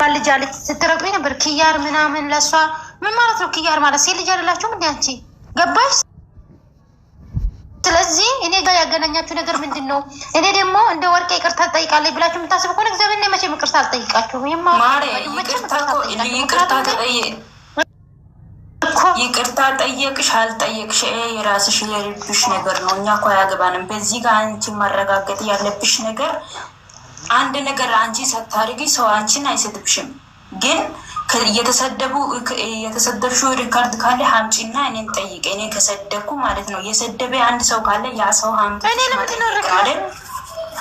ባልጃለች ስትረጉኝ ነበር። ክያር ምናምን ለእሷ ምን ማለት ነው? ክያር ማለት ሴት ልጅ አይደላችሁም እንዴ? አንቺ ገባሽ? ስለዚህ እኔ ጋር ያገናኛችሁ ነገር ምንድን ነው? እኔ ደግሞ እንደ ወርቄ ይቅርታ ትጠይቃለች ብላችሁ የምታስብ ከሆነ እግዚአብሔር ነው መቼም ይቅርታ አልጠይቃችሁም። ይቅርታ ጠየቅሽ አልጠየቅሽ የራስሽ የልብሽ ነገር ነው። እኛ እኮ አያገባንም። በዚህ ጋር አንቺ ማረጋገጥ ያለብሽ ነገር አንድ ነገር አንቺ ሳታደርጊ ሰው አንቺን አይሰጥብሽም። ግን የተሰደቡ የተሰደብሽው ሪካርድ ካለ ሀምጪና እኔን ጠይቅ። እኔ ከሰደብኩ ማለት ነው የሰደበ አንድ ሰው ካለ ያ ሰው ሀምጪ።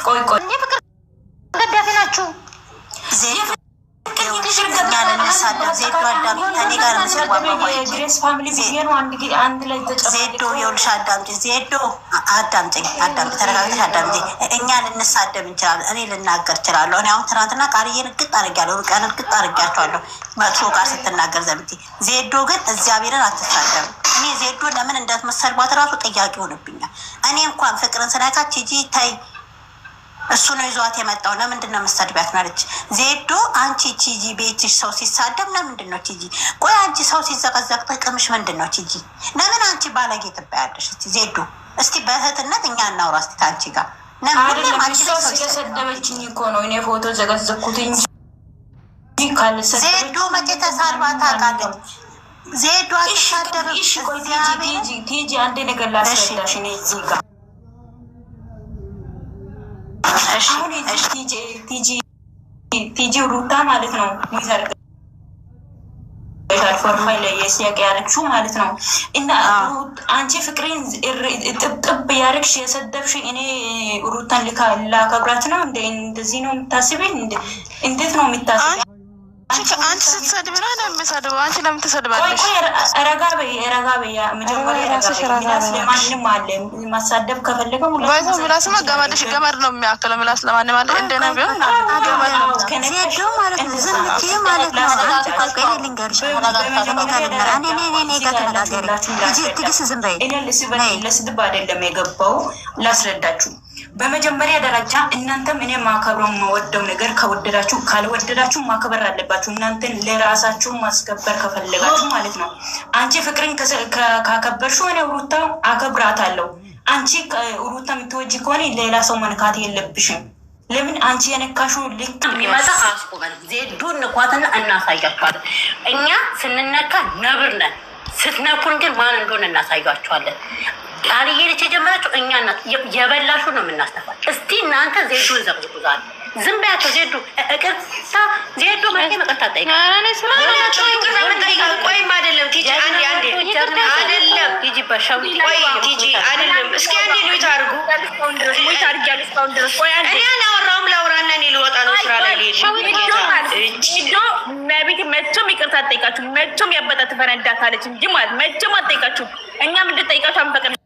ቆይ ቆይ፣ የፍቅር ደጋፊ ናችሁ አዳምጪኝ አዳምጪኝ፣ እኛ ልንሳደብ እንችላለን፣ እኔ ልናገር እችላለሁ። እኔ አሁን ትናንትና ቃልዬን እርግጥ አድርጊያለሁ፣ ቀን እርግጥ አድርጊያቸዋለሁ መጥፎ ቃል ስትናገር ዘምቲ። ዜዶ ግን እግዚአብሔርን አትሳደብም። እኔ ዜዶ ለምን እንደምትሰድቧት እራሱ ጥያቄ ሆንብኛል። እኔ እንኳን ፍቅርን ስነካች ሂጂ ተይ እሱ ነው ይዟት የመጣው። ለምንድን ነው የምትሰድቢያት ነው አለች ዜዶ። አንቺ ቺጂ ቤትሽ ሰው ሲሳደብ ለምንድን ነው ቺጂ? ቆይ አንቺ ሰው ሲዘቀዘቅ ጥቅምሽ ምንድን ነው ቲጂ? ለምን አንቺ ባለጌ ትባያለሽ? ዜዶ፣ እስቲ በእህትነት እኛ እናውራ እስቲ ከአንቺ ጋር ስለሰደበችኝ እኮ ነው እኔ ፎቶ ዘቀዘቅኩት እንጂ ዜዶ መቼ ተሳድባ ታውቃለች? ዜዶ አትሳደብም። ቲጂ አንዴ ነገር ላስረዳሽ እኔ እዚህ ጋር አሁን ቲጂ ሩታ ማለት ነው ሚዘርግ ፕሮፋይል የሲያቅ ያለችው ማለት ነው። እና አንቺ ፍቅሬን ጥብጥብ ያደረግሽ የሰደብሽ እኔ ሩታን ላከብራት ነው እንደ እንደዚህ ነው የምታስበኝ? እንዴት ነው የምታስበኝ? አንቺ ስትሰድብ ነው የምሰድበው። አንቺ ለምን ትሰድባለሽ? ረጋ በይ ረጋ በይ። መጀመሪያ አለ ምላስ ገመድሽ ገመድ ነው የሚያክለው ምላስ ለማንም አለ እንደ ለስድብ አይደለም የገባው ላስረዳችሁ በመጀመሪያ ደረጃ እናንተም እኔ ማከብረው የምወደው ነገር ከወደዳችሁ፣ ካልወደዳችሁ ማክበር አለባችሁ። እናንተን ለራሳችሁ ማስከበር ከፈለጋችሁ ማለት ነው። አንቺ ፍቅርን ካከበርሹ እኔ ሩታ አከብራታለሁ። አንቺ ሩታ የምትወጂ ከሆነ ሌላ ሰው መንካት የለብሽም። ለምን አንቺ የነካሹ ልክ የሚመጣ አስቆመን ዜዱን ንኳትና እናሳያቸዋለን። እኛ ስንነካ ነብር ነን። ስትነኩን ግን ማን እንደሆነ እናሳያቸዋለን። ቃል እየሄደች የጀመረችው እኛ ናት። የበላሹ ነው የምናስተፋል። እስቲ እናንተ ዜዱን ዘብዝጉዛል። ዝም በያቸው ዜዱ። እቅርታ ዜዱ መርጌ መቅርታ ጠይቅ ቆይም ቲጂ አንዴ አንዴ አይደለም ቲጂ በሻዊ ቲጂ እስኪ ድረስ ቆይ እኔ ላውራና እኔ ልወጣ ነው ስራ ላይ ነቢት መቼም ይቅርታ መቼም እንጂ ማለት መቼም አትጠይቃችሁም። እኛም እንድትጠይቃችሁ አንፈቅድም።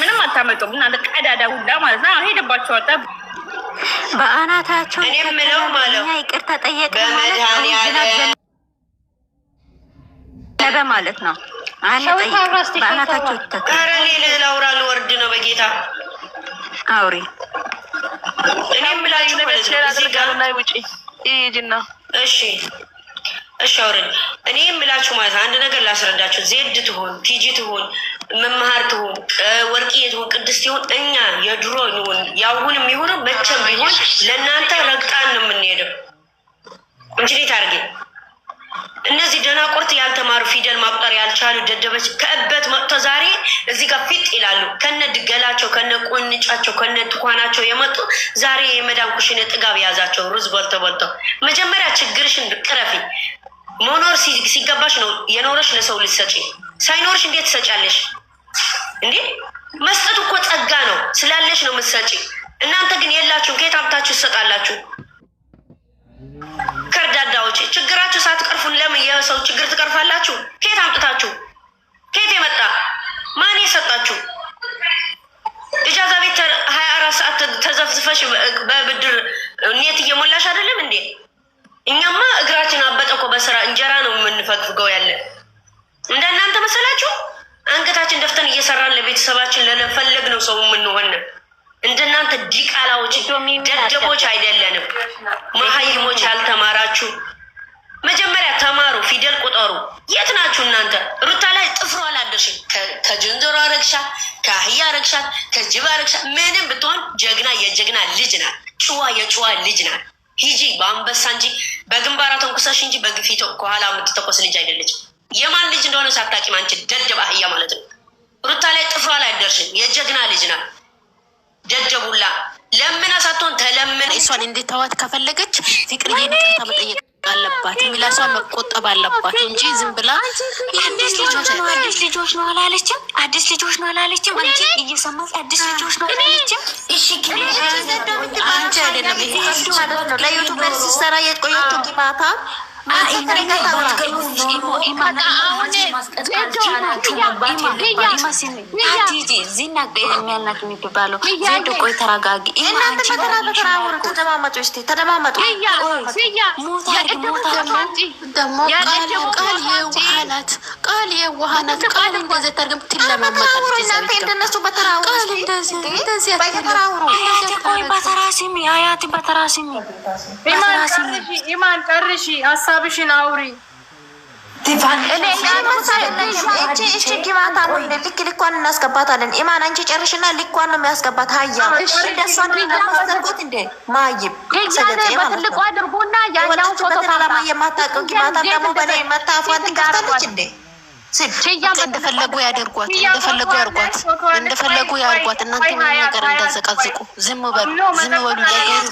ምንም አታመጡም። እና ቀዳዳ ሁላ ማለት ነው። ሄደባቸው ወጣ በአናታቸው ይቅርታ ጠየቀ ማለት ነው። በአናታቸው ይተከረኔ ላውራ ልወርድ ነው። በጌታ አውሪ እኔ ምላችሁ እሺ እሺ፣ አውሪ እኔ የምላችሁ ማለት አንድ ነገር ላስረዳችሁ። ዜድ ትሆን ቲጂ ትሆን መማር ትሁን ወርቅ የትሁን ቅድስት ይሁን እኛ የድሮ ይሁን የአሁንም የሆነው መቼም ቢሆን ለእናንተ ረግጣን ነው የምንሄደው። እንችሌት አድርጌ እነዚህ ደናቁርት ያልተማሩ ፊደል ማቁጠር ያልቻሉ ደደበች ከእበት መጥቶ ዛሬ እዚህ ጋር ፊጥ ይላሉ። ከነ ድገላቸው፣ ከነ ቁንጫቸው፣ ከነ ትኳናቸው የመጡ ዛሬ የመዳን ኩሽነ ጥጋብ የያዛቸው ሩዝ በልቶ በልቶ። መጀመሪያ ችግርሽን ቅረፊ። መኖር ሲገባሽ ነው የኖረሽ ለሰው ልትሰጪ ሳይኖርሽ እንዴት ትሰጫለሽ? እንዴ መስጠት እኮ ጸጋ ነው። ስላለች ነው ምሰጪ። እናንተ ግን የላችሁም። ከየት አምታችሁ ትሰጣላችሁ? ከርዳዳዎች ችግራችሁ ሳትቀርፉን ለምን የሰው ችግር ትቀርፋላችሁ? ከየት አምጥታችሁ? ከየት የመጣ ማን የሰጣችሁ? እጃዛ ቤት ሀያ አራት ሰዓት ተዘፍዝፈሽ በብድር ኔት እየሞላሽ አይደለም እንዴ? እኛማ እግራችን አበጠ እኮ በስራ እንጀራ ነው ለቤተሰባችን ነው ሰው የምንሆን እንደናንተ ዲቃላዎች ደደቦች አይደለንም። መሀይሞች ያልተማራችሁ መጀመሪያ ተማሩ፣ ፊደል ቁጠሩ። የት ናችሁ እናንተ? ሩታ ላይ ጥፍሮ አላደርሽ ከጅንጀሮ አረግሻት፣ ከአህያ አረግሻት፣ ከጅብ አረግሻት። ምንም ብትሆን ጀግና የጀግና ልጅ ናት፣ ጭዋ የጭዋ ልጅ ናት። ሂጂ በአንበሳ እንጂ በግንባራ ተንኩሳሽ እንጂ በግፊት ከኋላ የምትተኮስ ልጅ አይደለች። የማን ልጅ እንደሆነ ሳታቂ አንቺ ደደብ አህያ ማለት ነው። አልደረሽም። የጀግና ልጅ ናት። ደደቡላ ለምን ሳትሆን ተለምን እሷን እንድታዋት ከፈለገች ፍቅር ይቅርታ መጠየቅ አለባት። የሚላ መቆጠብ አለባት እንጂ ዝም ብላ አዲስ ልጆች ነው አዲስ ልጆች ነው አላለችም። አዲስ ልጆች ነው አላለችም። አንቺ እየሰማሽ አዲስ ልጆች ነው አላለችም። እሺ ግን አንቺ አይደለም ይሄ ለዩቱበር ሲሰራ የቆየቱ ግባታ በተራ ስሚ አያት፣ በተራ ስሚ፣ ሀሳብሽን አውሪ። እቺ ነው ልክ ልኳን እናስገባታለን። ኢማን አንቺ ጨርሽና ልኳን ነው የሚያስገባት። ሀያ ደግሞ በላይ ትከፍታለች እንዴ ችያም እንደፈለጉ ያደርጓት፣ እንደፈለጉ ያርጓት፣ እንደፈለጉ ያርጓት። እናንተ ምን ነገር እንዳዘቃዝቁ ዝም በሉ፣ ዝም በሉ።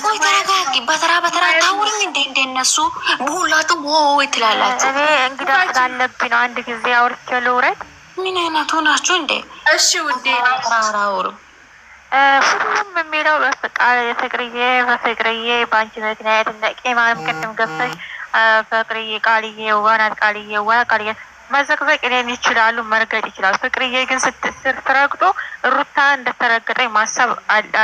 ቆይ ተረጋጊ። በተራ በተራ ታውርም እንደ እንደነሱ በሁላቱም ወይ ትላላችሁ። እኔ እንግዳ ስላለብኝ ነው። አንድ ጊዜ አውርቼ ልውረድ። ምን አይነት ሆናችሁ እንዴ? እሺ ውዴ፣ አውሩ። ሁሉም የሚለው በፍቃድ ፍቅርዬ፣ በፍቅርዬ በአንቺ ምክንያት ነቄ ማለም ቅድም ገብተሽ ፍቅርዬ፣ ቃልዬ፣ ዋናት ቃልዬ፣ ዋ ቃልዬ መዘቅዘቅ ሌን ይችላሉ፣ መርገጥ ይችላሉ። ፍቅርዬ ግን ስትረግጦ ሩታ እንደተረገጠኝ ማሰብ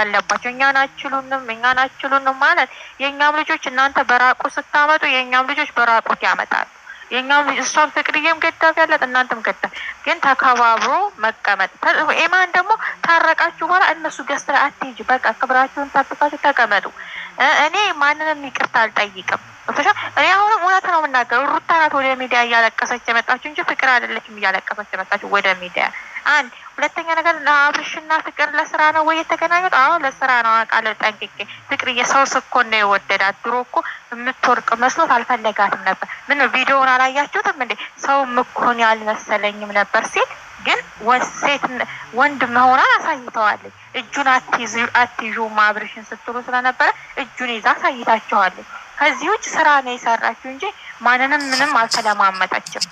አለባቸው። እኛን አችሉንም፣ እኛን አችሉንም ማለት የእኛም ልጆች እናንተ በራቁ ስታመጡ የእኛም ልጆች በራቁት ያመጣል። የእኛም እሷም ፍቅርዬም ገዳፍ ያለት እናንተም ገዳፍ ግን ተከባብሮ መቀመጥ ኤማን ደግሞ ታረቃችሁ በኋላ እነሱ ገስት ላይ አትሄጂ፣ በቃ ክብራችሁን ታጥቃችሁ ተቀመጡ። እኔ ማንንም ይቅርታ አልጠይቅም። እኔ አሁንም እውነት ነው የምናገረው ናት ወደ ሚዲያ እያለቀሰች የመጣችው እንጂ ፍቅር አይደለችም እያለቀሰች የመጣችው ወደ ሚዲያ። አንድ ሁለተኛ ነገር አብርሽና ፍቅር ለስራ ነው ወይ የተገናኙት? አዎ ለስራ ነው አውቃለሁ ጠንቅቄ። ፍቅር የሰው ስኮ ነው የወደዳት። ድሮ እኮ የምትወርቅ መስሎት አልፈለጋትም ነበር። ምን ቪዲዮውን አላያችሁትም እንዴ? ሰው ምኮን ያልመሰለኝም ነበር ሲል ግን ወሴት ወንድ መሆኗን አሳይተዋለች። እጁን አትይዙ አብርሽን ስትሉ ስለነበረ እጁን ይዛ አሳይታችኋለች። ከዚህ ውጭ ስራ ነው የሰራችው እንጂ ማንንም ምንም አልተለማመጠችም።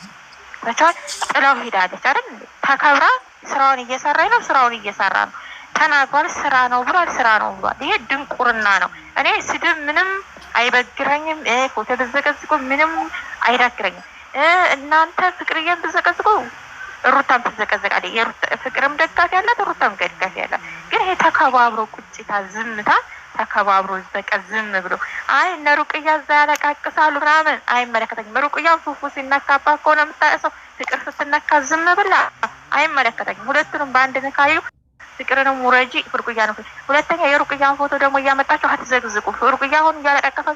መቻል ጥለው ሄዳለች አይደል? ተከብራ ስራውን እየሰራ ነው። ስራውን እየሰራ ነው ተናግሯል። ስራ ነው ብሏል። ስራ ነው ብሏል። ይሄ ድንቁርና ነው። እኔ ስድብ ምንም አይበግረኝም። ፎቶ ብዘቀዝቁ ምንም አይዳግረኝም። እናንተ ፍቅርዬን ብዘቀዝቁ ሩታም ትዘቀዘቃለች። የፍቅርም ደጋፊ ያላት ሩታም ደጋፊ ያላት። ግን ይሄ ተከባብሮ ቁጭታ ዝምታ ተከባብሮ በቃ ዝም ብሎ አይ እነ ሩቅያ እዛ ያለቃቅሳሉ ምናምን አይመለከተኝም። ሩቅያ ፉፉ ሲነካባ ከሆነ የምታቀሰው ፍቅር ስትነካ ዝም ብላ አይመለከተኝም። ሁለቱንም በአንድ ንካዩ ፍቅርንም ውረጂ ሩቅያ ነው። ሁለተኛ የሩቅያን ፎቶ ደግሞ እያመጣቸው አትዘግዝቁ። ሩቅያ አሁን እያለቃቀሰ